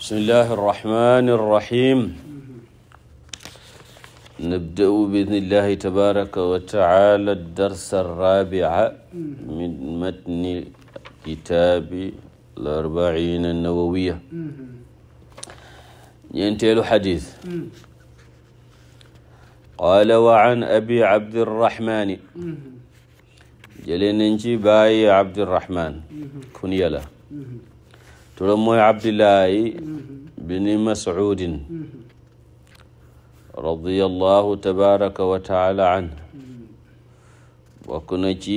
bismillahi arrahmani irrahim nabda'u biidnillahi tabaraka wa taala darsa arraabica min matni kitaabi al-arbaciina an-nawawiya ñeenteelu xadis qaala wa an abi abdirrahmaani jëlee nañ ci bàyyi abdirrahmaan kunyala turam mooy abdillahi bini mas'udin radiyallahu tabaraka wa taala an bokk na ci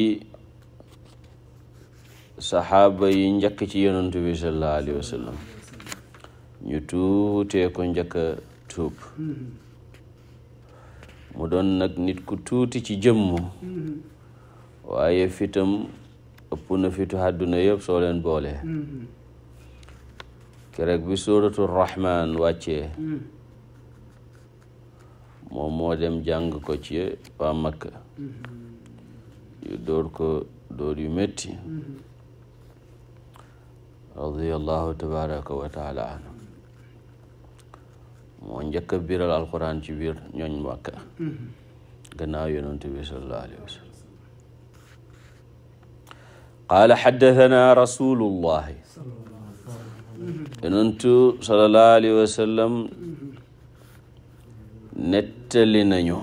saxaaba yi njëkk ci yonent bi sallallahu alayhi wa sallam ñu tuutee ko njëkk tuub mu doon nag nit ku tuuti ci jëmm waaye fitam ëpp na fitu àdduna yëpp soo leen boole keroog bi suuratu rahmaan wàccee hmm. moom moo dem jàng ko ci waa Makka hmm. yu dóor yu metti hmm. radiallahu tabaraka wa anhu moo njëkk a biral alquran ci biir ñooñ Makka gannaaw yonent bi sallallahu alayhi wa sallam qaala xaddathana rasulullahi yonentu sallallahu alayhi wa sallam nettali nañu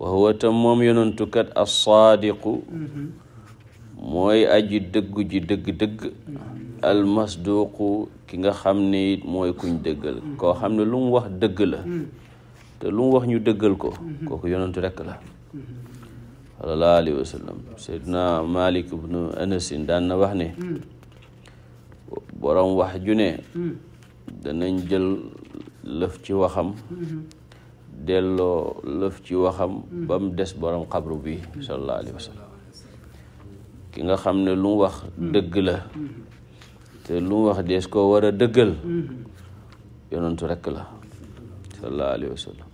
wa huwa moom yonentukat as-saadiqu mooy aji dëggu ji dëgg-dëgg almasduqu ki nga xam ni mooy kuñ dëggal koo xam ne lu mu wax dëgg la te lu mu wax ñu dëggal ko kooku yonentu rekk la sallallahu alayhi wa sallam seydna malik ibnu anasin daan na wax ne borom wax ju ne hmm. danañ jël lëf ci waxam hmm. delloo lëf ci waxam hmm. ba mu des borom xabru bi sallallahu wa sallam ki nga xam ne lu wax dëgg la te lu wax dees koo war a dëggal yonentu rekk la sallallahu alayhi wa sallam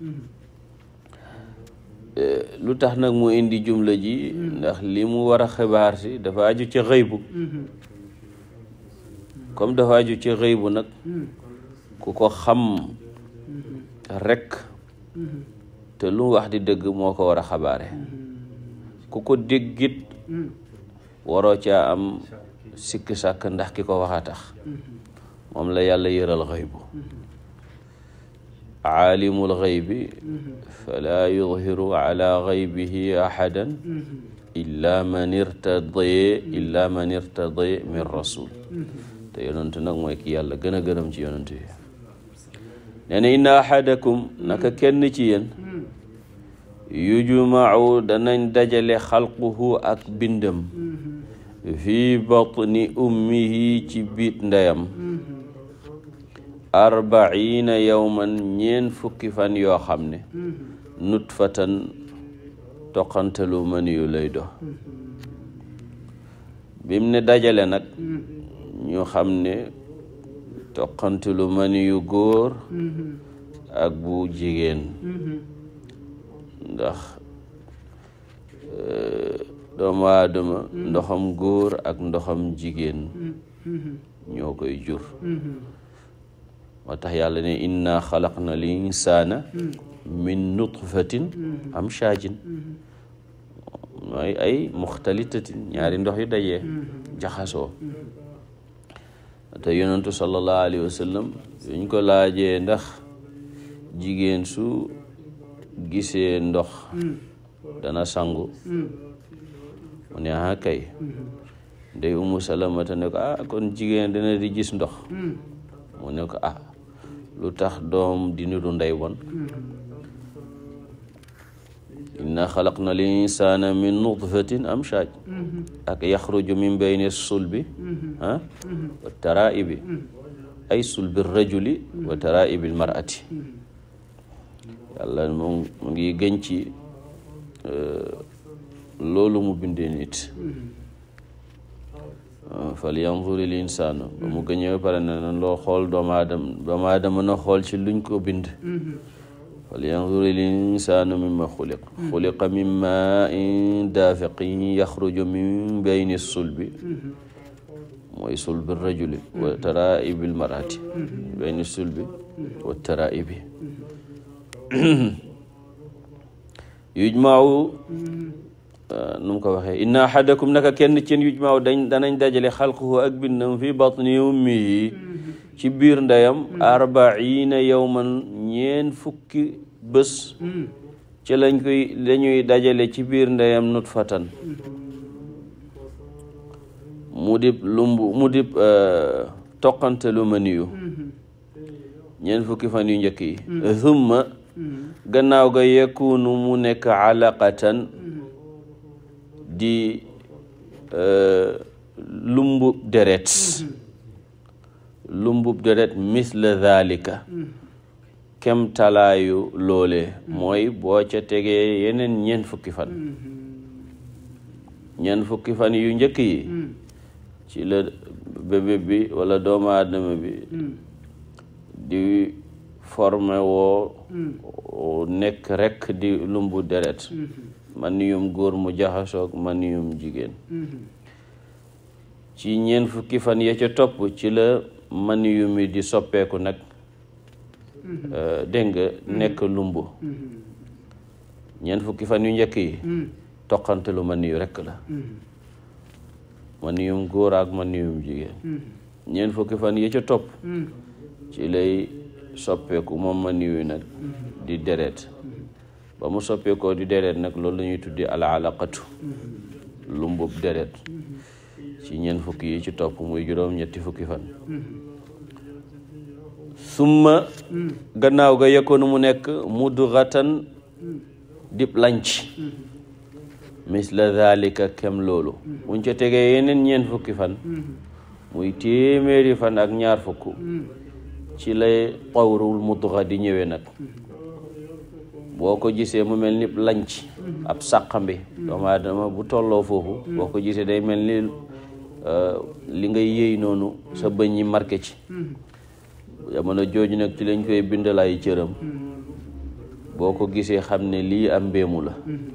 eh, lu tax nag mu indi jumla ji ndax li mu war a xibaar si dafa aju ci xëybu comme dafa aju ci xëy bu nag hmm. ku ko xam rek hmm. te lu wax di dëgg moo ko war a xabaare hmm. ku ko déggit waroo ca am sikk sàkk ndax ki ko wax tax moom la yàlla yëral xëy bu aalimul xaybi falaa yudhiru ala xaybihi ahadan illa man irtadee illa man irtadee min rasul te yonent nag mooy ki yàlla gën a gërëm ci yonent yi nee na ahadakum naka kenn ci yéen yujmau danañ dajale xalquhu ak bindam fii batni ummihi ci biit ndeyam arbaina yowman ñeen fukki fan yoo xam ne nutfatan toqantalu mëniyu lay do bim ne dajale nag ñu xam ne toqantelu mani yu góor ak bu jigéen ndax euh, doomu aadama ndoxam góor ak ndoxam jigéen ñoo koy jur moo tax yàlla ne inna na li insaana min nutfatin am shaajin mooy ay muxtalitatin ñaari ndox yu dajee jaxasoo te yonentu sallallahu alayhi wa sallam ko laaje ndax jigéen su gisee ndox dana sangu mu ne ah kay day umu salamata ne ko ah kon jigéen dana di gis ndox mm. mu ne ko ah lu tax doom di niru ndey bon inna xalaqna al insana min nutfatin amshaj mm-hmm. ak yaxruju min bayni sulbi mm-hmm. ah mm-hmm. wa taraibi ay sulbi rajuli wa taraibi almarati yàlla mu ngi gën ci euh, loolu mu bindee nit euh, fal yanzur il insaanu ba mu gëñee pare na loo xool doomu aadama doomu aadama na xool ci luñ ko bind falyanzur il insaanu mimma xuliq xuliqa min maa'in daafiqin yaxruju min bayni sulbi mooy sulbi rajuli wa taraa'ibil mar'ati min bayni sulbi wa taraa'ibi yujma'u nu mu ko waxee inna ahadakum naka kenn ci yéen yujma'u dañ danañ dajale xalquhu ak bindam fi batni ummihi ci biir ndeyam arbaina yowman ñeen fukki bés ci lañ lañuy dajale ci biir ndeyam nutfatan mu dib lumb mu dib euh, toqante lu ma niyu ñeen fukki fan yu njëkk yi thumma gannaaw ga yakunu mu nekk alaqatan di euh, lumb deret lu mbub deret misla zalika kem talaayu mooy boo ca tegee yeneen ñeent fukki fan ñeent fukki fan yu njëkk yi ci la bébé bi wala doomu aadama bi di formé woo nekk rekk di lumbu deret man yum góor mu jaxasoog man yum jigéen ci ñeent fukki fan ya ca topp ci la man yu mi di soppeeku nag mhm. euh, dégg nga mhm. nekk lumbu mhm. ñeent fukki fan yu njëkk yi toqantelu man yu rekk la man yum góor ak man yum jigéen ñeent fukki fan yi ca topp ci lay soppeeku moom man yu nag di deret ba mu soppeekoo di deret nag loolu la ñuy tuddi al lumbub deret ci ñeent fukki yi ci topp muy juróom ñetti fukki fan summa gannaaw ga yekkoonu mu nekk mudghatan dib lanc misla zalika kem loolu buñ ca tegee yeneen ñeent fukki fan muy téeméeri fan ak ñaar fukk ci lay xawrul mudgha di ñëwee nag boo ko gisee mu mel ni lanc ab sàqambi doomu aadama bu tolloo foofu boo ko gisee day mel ni Euh, li ngay yëy noonu sa bëñ yi marqué ci mm-hmm. jamono jooju nag ci lañ koy bindal ay cëram mm-hmm. boo ko gisee xam ne lii am mbéemu la mm-hmm.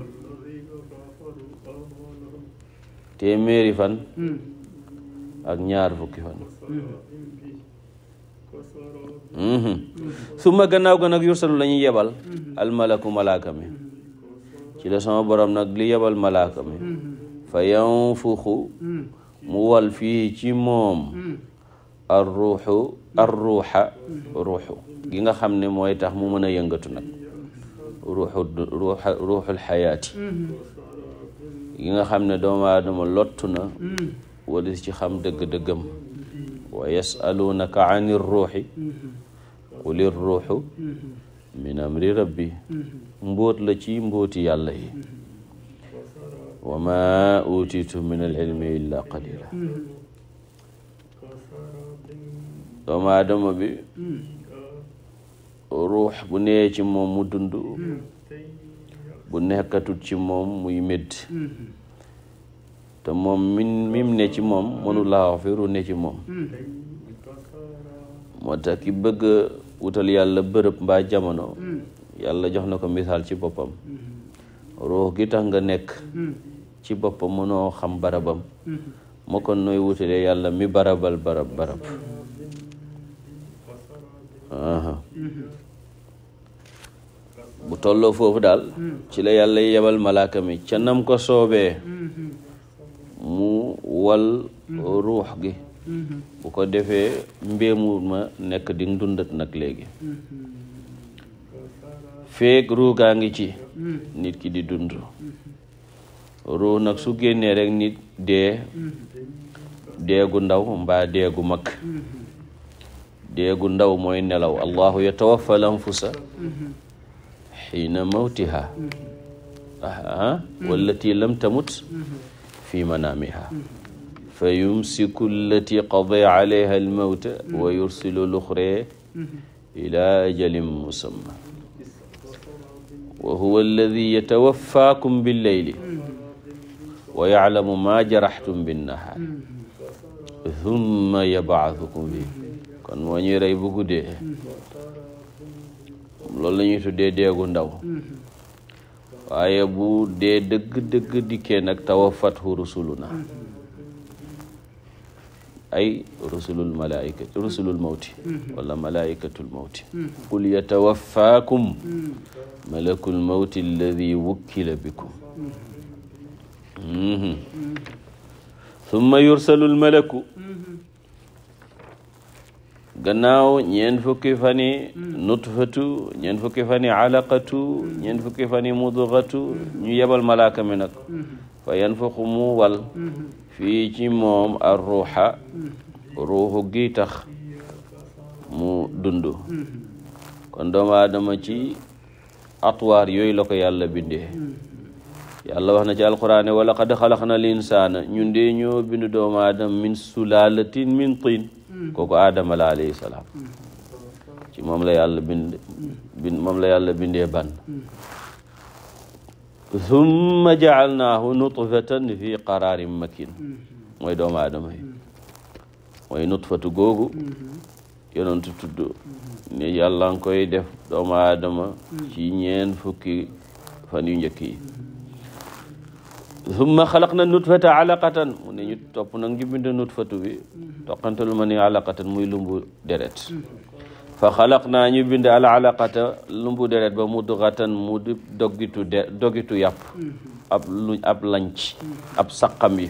téeméeri fan ak ñaar fukki fan suma gannaaw ga nag yursalu lañu yebal almalaku malaaka ci la sama borom nag li yebal malaaka mi fa yanfuxu mu wal fii ci moom hmm. ar ruuxu ar ruuxa gi nga xam ne mooy tax mu mën a yëngatu nag ruuxu ruuxul xayaati hmm. gi nga xam ne doomu aadama lottu na hmm. ci xam dëgg-dëggam wa yasaluunaka ani ruuxi quli ruuxu min amri rabbi mbóot la ci mbóoti yàlla wa maa utitum min al-ilmi illaa qaliila doomu aadama bi ruux bu nee ci moom mu dund bu nekkatut ci moom muy médd te moom min mim ne ci moom mënu laa wax ne ci moom moo tax ki bëgg wutal yàlla bërëb mbaa jamono yàlla jox na ko misaal ci boppam mm-hmm. ruux gi nga nekk mm-hmm. ci boppam mënoo xam barabam ma mm-hmm. kon nooy wutale yàlla mi barabal barab mm-hmm. bu tolloo foofu daal mm. ci la yàlla yebal malaaka mi ca nam ko soobee mm-hmm. mu wal ruux gi bu ko defee mbéemu ma nekk di dundat nag léegi feeg ruugaa ngi ci nit ki di dund ruu nag su génnee rek nit dee deegu ndaw mbaa deegu mag deegu ndaw mooy nelaw allahu yatawaffa al anfusa xiina mawtiha aa wallati lam tamut fi manaamiha fa yumsiku allati qadaa alayha al mawta wa yursilu luxre ila ajalin musamma wa huwa alladi yatawaffaakum billeyli wa yaclamu maa jaraxtum binnahaar mm-hmm. thumma yabcathukum fi kon moo ñuy rey bu guddee mm-hmm. loolu la ñuy tuddee deegu ndaw mm-hmm. waaye bu dee dëgg-dëgg dikkee nag tawaffathu rusuluna ay rusulul malaikati rusulul mawti wala malaikatul mawti qul yatawaffakum malakul mawti alladi wukkila bikum summa mm-hmm. yursalul malaku gannaaw ñeent fukki fani nutfatu ñeent fukki fani mudugatu ñu yebal malaaka mi nag fa yanfuxu mu wal fii ci moom ar ruuxa ruuxu gi tax mu dund kon doomu aadama ci atwaar yooyu la ko yàlla bindee yàlla wax na ci alquran ne wa laqad xalaqna al insaana ñun de ñoo bindu doomu aadama min sulaalatin min tin mm. kooku aadama la alayhi salaam mm. ci moom la yàlla bind mm. bind moom la yàlla bindee ban thumma jaalnaahu nutfatan fi qararin makin mm-hmm. mooy doomu aadama yi mm-hmm. mooy nutfatu googu mm-hmm. yonentu tudd ne yàlla nga koy def doomu aadama ci ñeen fukki fan yu njëkk yi summa xalaqna nutfata alaqatan mu ne ñu topp nag ñu bind nutfatu bi toqante lu ma ni alaqatan muy lumbu deret fa xalaq naa ñu bind al alaqata lumbu deret ba mudgatan mu di dogitu de dogitu yàpp ab luñ ab lanc ab saqam yi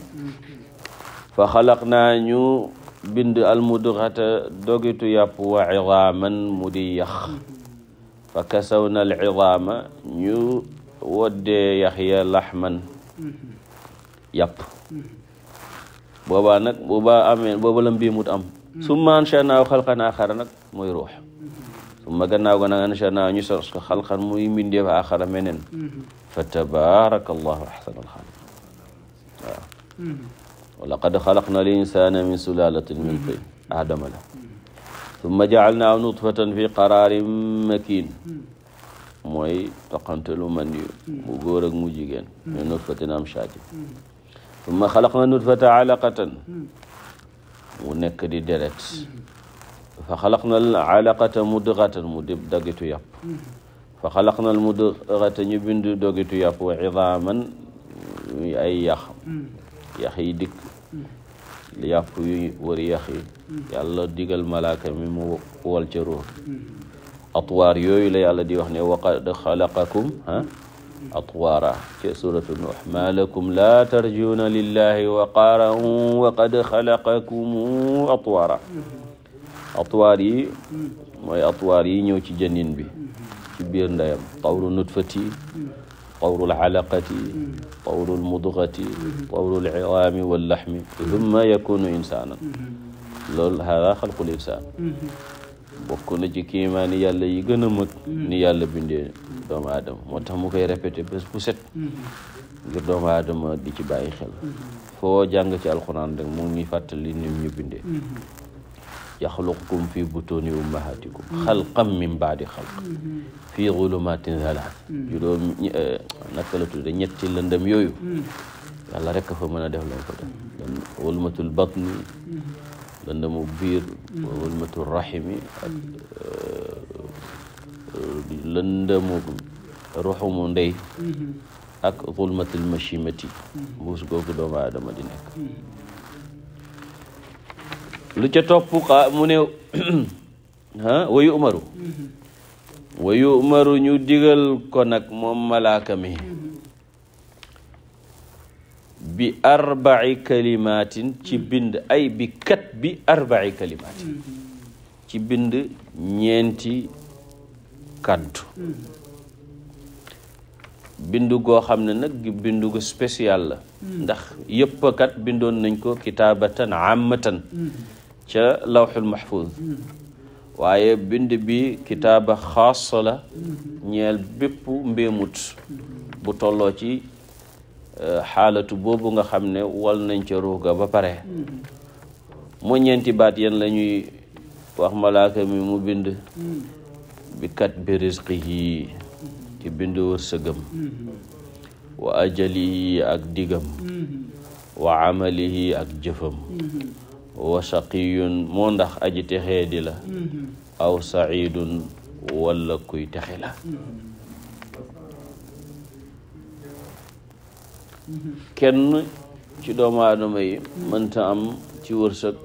fa xalaq naa ñu bind al mudgata dogitu yàpp wa idaaman mu di yax fa kasaw na al idaama ñu woddee yax ya laxman yàpp boobaa nag boobaa amee booba la mbiimut am summa anshanaahu xalqan axara nag mooy ruux summa gannaaw ga nag anshanaahu ñu sos ko xalqan muy mbindeef axara meneen fa tabaraka allahu axsanal xaaliqiin waaw wa laqad xalaqna al insana min sulalatin min tin aadama la summa jacalnaahu nutfatan fi qararin makin mooy toqante lu yu mu góor mu jigéen mm. ñoo nutfatin am shaati mm. summa xalaq na nutfata alaqatan mm. mu nekk di deret fa xalaq na alaqata mu dib dagitu yàpp fa xalaq na almudgata ñu bind dogitu yàpp wa idaaman ay yax yax i dikk yàpp yu wër yax yi yàlla mi mu wol ca atwaar yooyu la yàlla di wax ne waqad xalaqakum ah atwaara ci suratu nuux maa lakum laa tarjuuna lillahi waqaaran waqad xalaqakum atwaara atwaar yi mooy atwaar yi ñëw ci janin bi ci biir ndeyam tawru nutfati tawru alaqati tawru mudgati tawru alciwaami wallaxmi thumma yakunu insaanan loolu hada xalqul insaan bokk na ci kiimaani yàlla yi gën a mag mm-hmm. ni yàlla bindee doomu aadama moo tax mu koy répété bés bu set mm-hmm. ngir doomu aadama di ci bàyyi xel mm-hmm. foo jàng ci alxuraan rek mu ngi fàttali ni ñu bindee yaxluqukum fi butuni ummahatikum xalqan min baadi xalq fii xulumatin thalath juróom eh, naka la tudde ñetti lëndëm yooyu yàlla rek fa mën a def lañ fa def batni lëndëmu biir wëlmatu rahimi ak lëndëmu ruxumu ndey ak zulmatul machimati mbuus googu doomu aadama di lu ca topp xa mu ne ah wa yu'maru wa ñu digal ko nag moom malaaka mi bi arbai kalimatin ci bind ay bi kat bi arbai kalimatin ci bind ñeenti kaddu bind goo xam ne nag bindu gu spécial la ndax yëpp kat bindoon nañ ko kitaabatan ammatan ca lawxul mahfuz waaye bind bi kitaaba xaasa la ñeel bépp mbéemut bu tolloo ci Euh, xaalatu boobu nga xam ne wal nañ ca ruux ba pare moo ñeenti baat yan lañuy ñuy wax malaaka mi mu bind bi kat bi rizqihi ci bind wërsëgam wa ajalihi ak digam wa amalihi ak jëfam wa saqiyun moo ndax aji texee di la aw saidun wala kuy texe la kenn ci doomu aadama yi mënta am ci wërsëg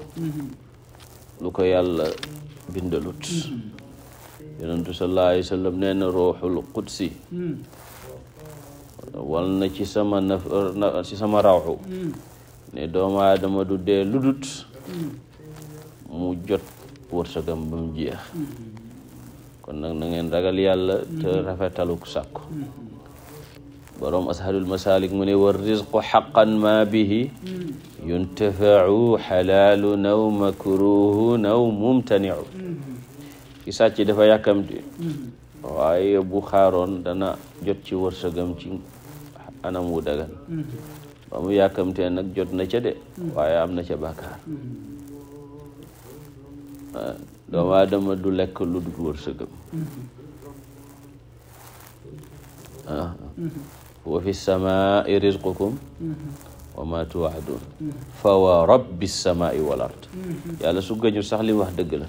lu ko yàlla bindalut yonentu sallallahu alayhi wa sallam nee na ruuxul qudsi wal ci sama naf ci sama rawxu ne doomu aadama du dee ludut mu jot wërsëgam ba mu jeex kon nag na ngeen ragal yàlla te rafetaluk sàkku boroom ashalul masalik mu ne war rizqu xaqan ma bihi yuntafau xalaalu naw makruhu naw mumtaniu ki sàcc dafa yàkkamti waaye bu xaaroon dana jot ci wërsëgam ci anam wu dagan ba mu yàkkamtee nag jot na ca de waaye am na ca bàkkaar doomu aadama du lekk lu dul wërsëgam ah wa fi samaai rizqukum wa ma tuwaadun fa wa rabbi samaai wal ard yàlla su gëñul sax li wax dëgg la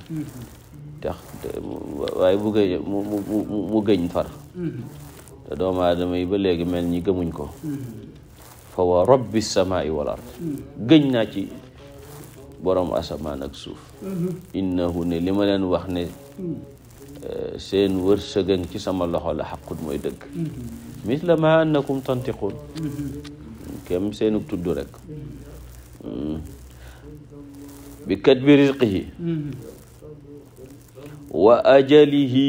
tax waaye bu gëñ mu mu gëñ far te doomu aadama yi ba léegi mel ñi gëmuñ ko fa wa rabbi samaai wal ard gëñ naa ci borom asamaan ak suuf innahu ne li ma leen wax ne eh, seen wërsëg ci sama loxo la xaqut mooy dëgg misla ma annakum tantiqun kem seenu tudd rek bi kat bi rizqihi wa ajalihi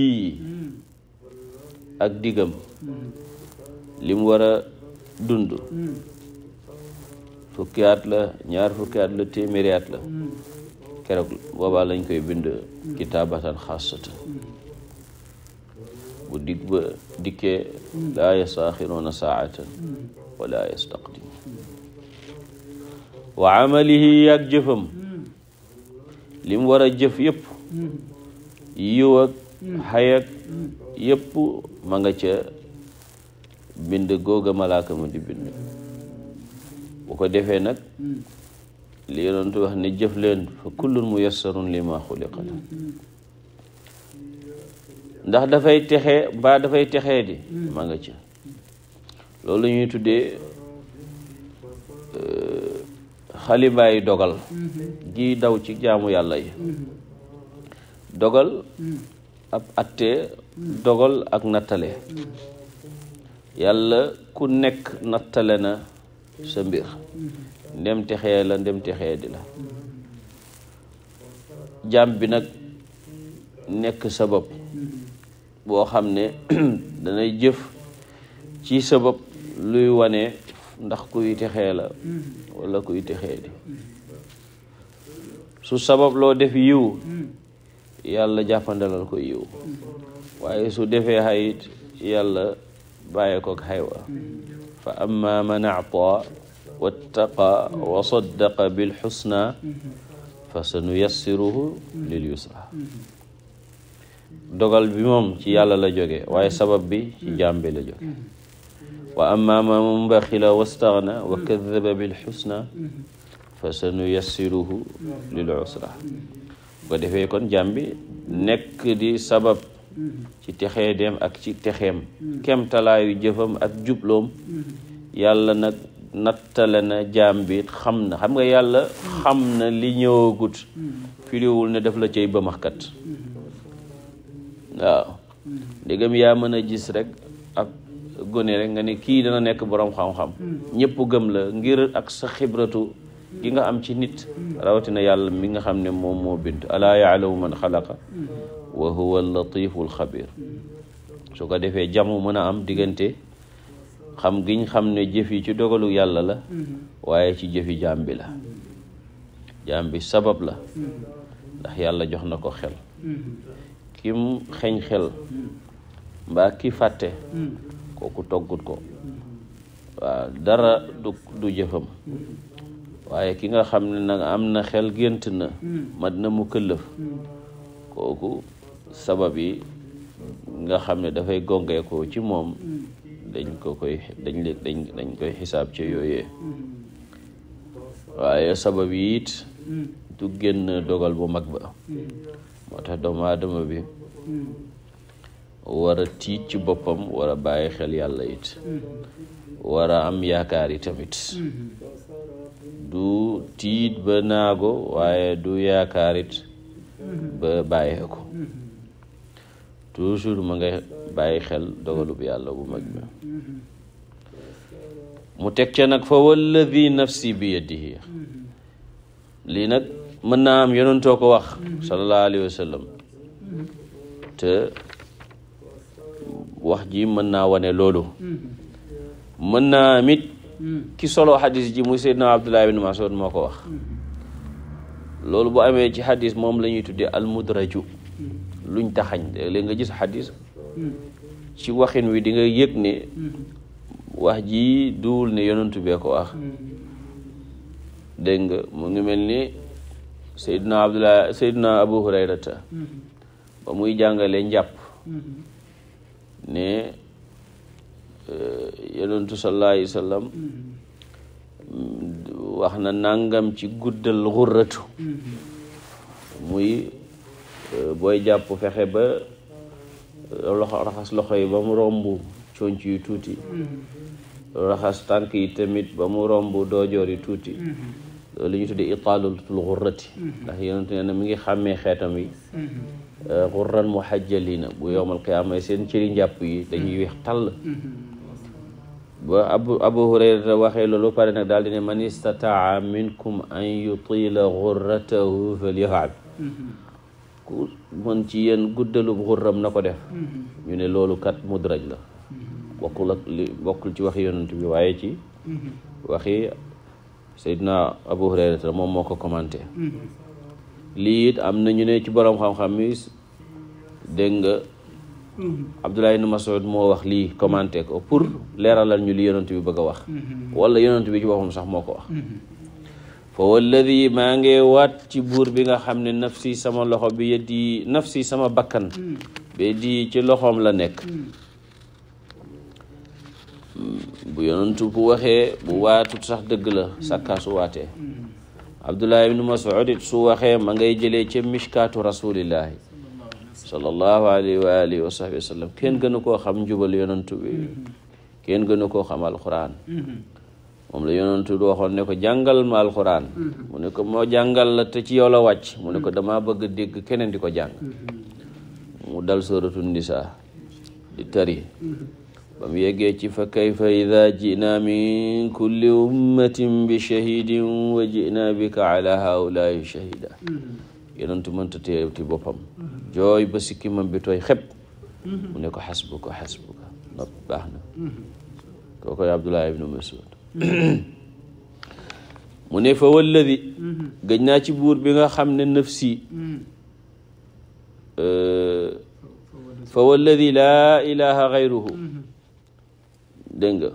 ak digam lim war a dund fukki at la ñaar fukki at la téeméeri at la keroog boobaa lañ koy bind kitaabatan xaasatan bu dig ba dikkee laa yastaaxiruuna saatan wa amalihi yaag jëfam lim war a jëf yëpp yiw ak xayak ma nga ca bind googa malaaka ma di bind bu ko defee nag li yonentu wax ne jëf leen fa kullun muyassarun li ma xuliqa la ndax dafay texe mbaa dafay texee di ma nga ca loolu ñuy tuddee euh, xalibaayu dogal gi daw ci jaamu yàlla yi dogal ab atte dogal ak nattale yàlla ku nekk nattale na sa mbir ndem texee la ndem texee di la jaam bi nag nekk sabab boo xam ne danay jëf ci sabab luy wane ndax kuy texee la wala kuy texee di su sabab loo def yiw yàlla jàppandalal ko yiw waaye su defee xayit yàlla bàyyi ko xaywa fa amma man actaa wattaqa wa saddaqa bilxusna fa sanuyassiruhu lil yusra dogal bi moom ci yàlla la jóge waaye sabab bi ci jaam la jóge wa amma man mumbaxila wastaxna wa kadaba bilxusna fa sanuyassiruhu lil usra bu defee kon jàmbi nekk di sabab ci texee dem ak ci texeem kem talaayu jëfam ak jubloom yàlla nag nattale na jaam bi xam na xam nga yàlla xam na li ñëwagut firiwul ne def la cay bamaxkat waaw ndegam yaa mën a gis rekk ak gone rek nga ne kii dana nekk boroom xam-xam ñëpp gëm la ngir ak sa xibratu gi nga am ci nit rawatina yàlla mi nga xam ne moom moo bind alaa yaalamu man xalaqa wa huwa latifu su ko defee jamu mën a am diggante xam giñ xam ne jëf ci dogalu yàlla la waaye ci jëfi jaam bi la jaam bi sabab la ndax yàlla jox na ko xel kim xeeñ xel mbaa ki fàtte kooku toggut ko waaw dara du du jëfam waaye ki nga xam ne nag am na xel gént na mat na mu këllëf kooku sabab yi nga xam ne dafay gongeekoo ci moom dañ ko koy dañ dañ dañ koy xisaab ci yooyee waaye sabab yi it du génn dogal bu mag ba moo tax doomu aadama bi war a ci boppam wara a bàyyi xel yàlla it wara am yaakaar yi tamit du tiit ba naago waaye du yaakaar it ba bàyyee ko toujours ma nga bàyyi xel dogalub yàlla bu mag bi mu teg ca nag fa walladi nafsi bi yadihi lii nag mën naa am yonentoo ko wax sallallahu alayhi wa te wax ji mën naa wane loolu mën naa am it ki solo xadis ji muy Seydina Abdullah ibn Mas'ud moo ko wax loolu boo amee ci xadiis moom la ñuy tuddee almudraju luñ taxañ léeg nga gis xadis ci waxin wi di nga yëg ne wax ji duwul ne yonentu bee ko wax dégg nga mu ngi mel ni seyduna abdullah seyduna abu hurayrata ba muy jàngale njàpp ne eh, yonentu sallallahu alayhi wax na nangam ci guddal xurratu muy eh, booy jàpp fexe ba eh, loxo raxas loxo yi ba mu romb conc yu tuuti raxas tànk yi tamit ba mu romb doojoor yi tuuti li ñu tuddee itaalutul xurrati ndax yonent nee na mi ngi xàmmee xeetam yi xurran mm-hmm. euh, muhajjalina bu yowmal qiyaama seen cëri njàpp yi dañuy weex tàll mm-hmm. ba abu abu hurayrata waxee loolu pare nag daal di man istataa minkum an yutila xurratahu falyafal mm-hmm. ku mën ci yéen guddalub xurram na ko def ñu ne loolu kat mudraj la ci waxi yonent Seydina Abu Hurayrata moom moo ko commenté mm-hmm. lii it am na ñu ne ci boroom xam-xam yi dégg nga mm-hmm. Abdullah ibn Mas'ud moo wax lii commenté ko pour leeralal ñu li yonent bi bëgg a wax mm-hmm. wala yonent bi ci boppam sax moo ko wax fa walladi maa ngi wat ci buur bi nga xam ne nafsi sama loxo bi yëddi nafsi sama bakkan bi di ci loxoom la nekk bu yonantu bu waxee bu waatut sax dëgg la sàkkaa su waatee abdullah ibnu masud su waxee ma ngay jëlee ca mishkaatu rasulillahi sallallahu alayhi wa alihi wa sahbi wa sallam kenn gënu koo xam njubal yonantu bi kenn gënu koo xam alquran moom la yonantu waxoon ne mu ne ko moo jàngal la te ci yow la wàcc mu ne ko damaa bëgg dégg keneen di ko jàng mu dal suratu nisa di tari ba mu yeggee ci fa kayfa ida jinaa min kulli ummatin bi shahidin wa jinaa bika ala haulaai shahida yenentu mënta teewti boppam jooy ba sikkimam bi tooy xepp mu ne ko xasbuka xasbuka nopp baax na kookoy abdullah ibnu masud mu ne fa walladi gëj naa ci buur bi nga xam ne nafsi fa walladi laa ilaha gayruhu dégg nga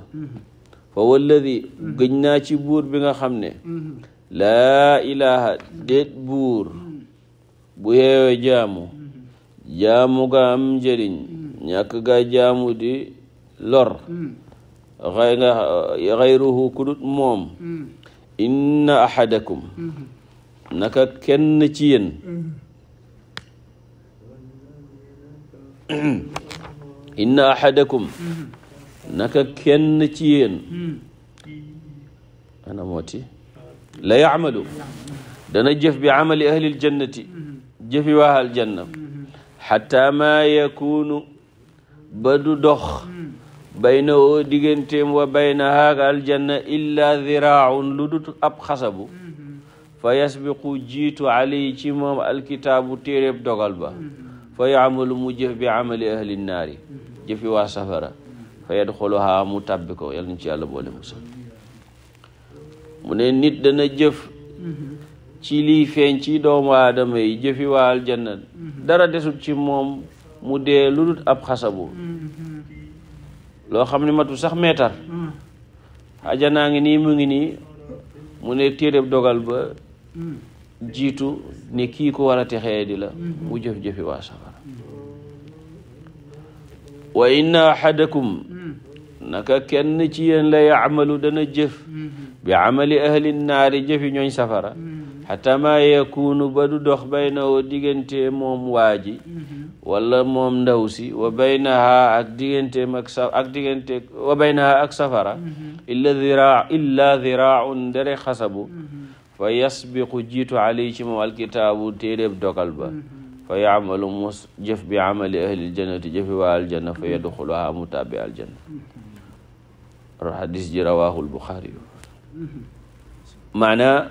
fa walladi gëñ naa ci buur bi nga xam ne laa ilaha déet buur bu yeewee jaamu jaamu ga am njëriñ ñàkk ga jaamu di lor xay kudut moom inna ahadakum naka kenn ci yéen inna ahadakum naka kenn ci yéen ana mooti dana jëf bi amali ahlil jannati jëfi waa aljanna xataa maa yakunu ba du dox bayna oo digganteem wa bayna haaga aljanna illa ziraaun lu ab xasabu fa yasbiqu jiitu alayhi ci moom alkitaabu téeréb dogal ba fa yacmalu mu jëf bi amali ahli naari jëfi waa safara fa yadxuluha mu tàbbi ko yàlla nañ ci yàlla mu ne nit dana jëf ci liy feeñ ci doomu aadama yi jëfi waa dara desul ci moom mu dee lu dut ab xasabu loo xam ne matu sax meetar ajanaa ngi nii mu ngi nii mu ne téereb dogal ba jiitu ne kii ko war a di la mu jëf-jëfi waa wa inna ahadakum naka kenn ci yéen la yaamalu dana jëf bi amali ahli naari jëfi ñooñ safara xata ma yakunu ba du dox bayna woo diggante moom waaji wala moom ndaw si wa baynaha ak digganteem ak sa ak diggante wa baynaha ak safara illa dhira illa dhira'un dere xasabu fa yasbiqu jiitu alay ci moom alkitaabu téeréeb dogal ba fa yaamalu mus jëf bi amali ahli aljannati jëfi waa aljanna fa yadxuluha mu tàbbi aljanna kon xadis ji rawaahul Buxaari yu maanaa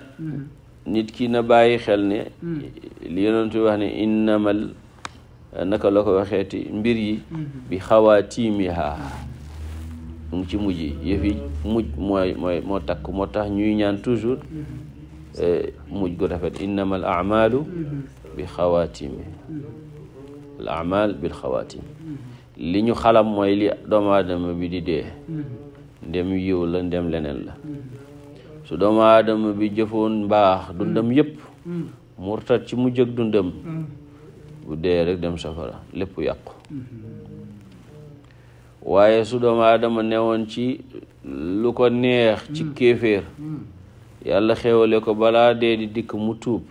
nit ki na bàyyi xel ne li yonent bi wax ne innamal naka la ko waxeeti mbir yi bi xawaatimiha mu ngi ci mujj yi yëf yi mujj mooy mooy moo takk moo tax ñuy ñaan toujours e, mujj gu rafet innamal amalu bi xawaatimi al amal bil xawaatim li ñu xalam mooy li doomu aadama bi di dee ndem yiw la ndem leneen la su doomu bi jëfoon mbaax dundam mm. yépp mm. murtat ci mujj dundam mm. bu dee dem safara lépp yàqu mm-hmm. waaye su doomu aadama newoon ci lu ko neex ci kéeféer yàlla xéewale ko balaa dee dikk mu tuub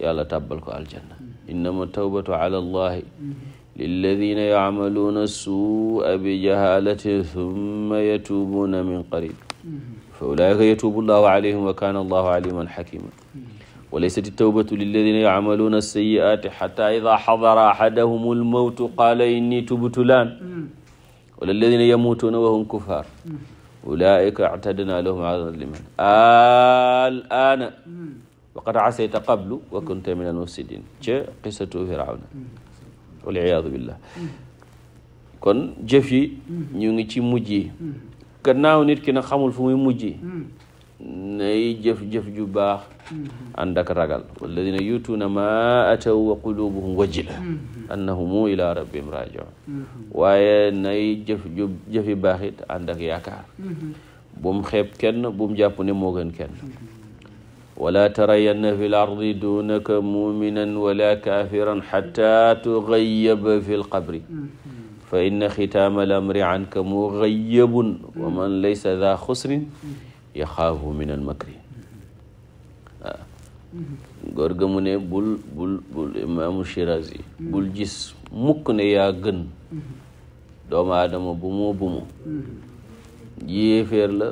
yàlla tàbbal ko aljanna innama tawbatu ala allahi mm-hmm. lilladina yacmaluuna suua bijahaalatin summa yatuubuuna min qarib fa ulaika yatuubu allahu alayhim wa kaana allahu aliman xakima walaysat altawbatu lilladina yacmaluuna alsayiaati xata ida xadara axadahum almawtu qaala inni tubtu laan wala alladina yamuutuuna wahum kufaar ulaika actadna lahum adaban liman alaana waqad casayta qablu wa kunta min almufsidin ca qisatu firawna waliyaadu billah kon jëf yi ñu ngi ci mujj yi gannaaw nit ki xamul fu muy mujj nay jëf-jëf ju baax ànd ak ragal walladina yutuuna ma ataw wa qulubuhum wajila annahumu ila rabbihim rajiun waaye nay jëfi baax it ànd ak yaakaar kenn bu mu jàpp kenn wala tarayanna fi lardi dunaka muminan wala kafiran xata tugayyaba fi lqabri fa inna xitaama lamri anka mugayyabun wa man laysa daa xusrin yaxaafu min almakri waaw góor ga mu ne bul bul bul imaamu Shirazi bul gis mukk ne yaa gën doomu aadama bu mu bu mu mm-hmm. yéeféer la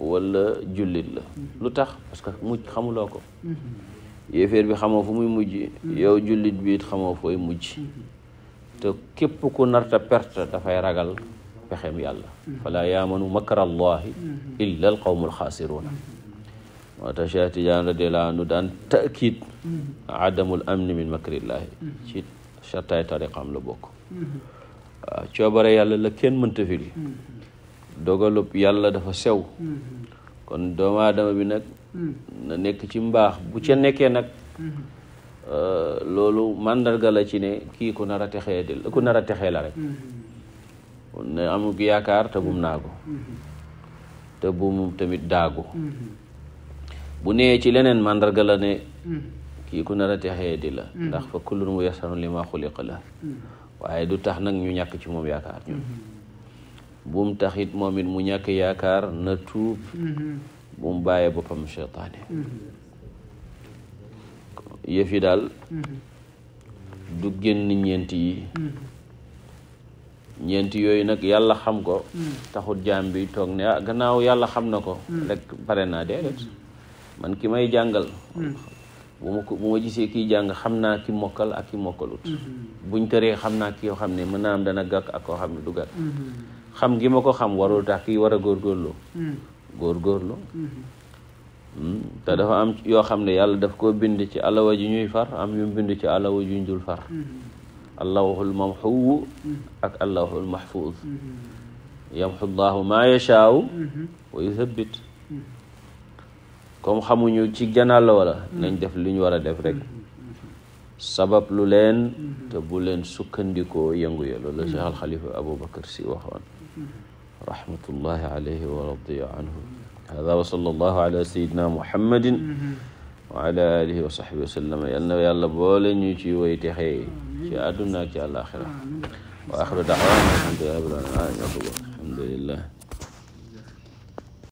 wala jullit la mhm. lu tax parce que mu xamuloo ko mhm. yéeféer bi xamoo fu muy mujj mhm. yow jullit bi it xamoo fooy mujj te képp ku narta perte dafay ragal pexem yàlla fala yaamanu makra allahi illa al qawmu alxaasiruuna coobare yàlla la kenn mënta firi dogalub yàlla dafa sew mm-hmm. kon doomu aadama bi nag mm-hmm. na nekk ci mbaax bu ca nekkee nag mm-hmm. euh, loolu màndarga la ci ne kii ku nar a di la rek ne amug yaakaar te bum tamit daagu bu nee ci leneen màndarga la ne kii ku nar di la ndax fa kullun muyassarun li ma xuliqa la waaye du tax nag ñu ñàkk ci moom yaakaar ñun bum taxit moom it mu ñàkk yaakaar na tuub mm-hmm. bu mu bàyyee boppam seytaane mm-hmm. yëf yi daal mm-hmm. du génn ñeent yi ñeent yooyu nag yàlla xam ko taxut jaam bi toog ne ah, gannaaw yàlla xam na ko rek pare naa déedéet man ki may jàngal bu ma ko bu ma gisee kiy jàng xam naa ki mokkal ak ki mokkalut buñ tëree xam naa ki yoo xam ne mën naa am dana gàkk ak koo xam ne du gàkk xam gi ma ko xam warul tax kii war a góorgóorlu hmm. góorgóorlu hmm. Hmm. te dafa am yoo xam ne yàlla def koo bind ci alawa ji ñuy far am yu bind ci alawa ju ñu dul far allahul mamxuwu ak allahul mahfuuz yamxu llaahu maa yashaaw wa yuthabbit comme xamuñu ci janàll wala nañ def li ñu war a def rek sabab lu leen te bu leen sukkandikoo yëngu ya loolu la Cheikh Al Khalifa Aboubacar Sy waxoon rahmatullahi alayhi wa radiya anhu hada wa salla allahu ala sayidina muhammadin wa ala alihi wa sahbi wa sallama yal na yàlla boole ñu ci way texee ci àdduna ak ci àllaaxira wa axiru daxwaana alhamdulillahi rabbil aalamiin alhamdulillah